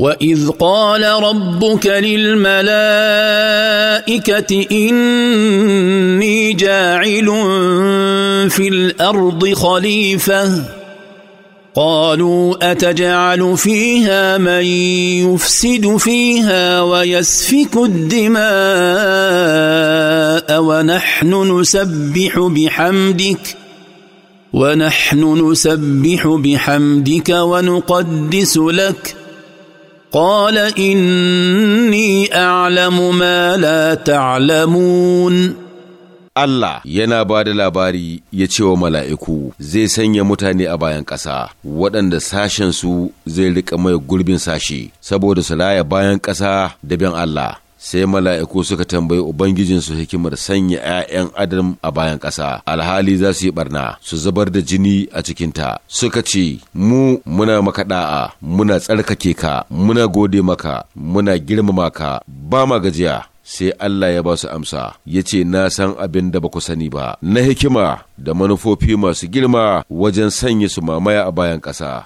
واذ قال ربك للملائكه اني جاعل في الارض خليفه قالوا اتجعل فيها من يفسد فيها ويسفك الدماء ونحن نسبح بحمدك ونحن نسبح بحمدك ونقدس لك قال إني أعلم ما لا تعلمون Allah yana ba da labari ya ce wa mala'iku zai sanya mutane a bayan ƙasa waɗanda sashensu zai riƙa mai gurbin sashe saboda su laya bayan ƙasa da bin Allah. sai mala'iku suka tambayi ubangijinsu hikimar sanya 'ya'yan adam a bayan ƙasa alhali za su yi barna su zubar da jini a cikinta suka ce mu muna maka da'a muna tsarkake ka muna gode maka muna girmama ka ba ma gajiya sai Allah ya ba su amsa ya ce na san abin da ba ku sani ba na hikima da manufofi masu girma wajen sanya su mamaya a bayan ƙasa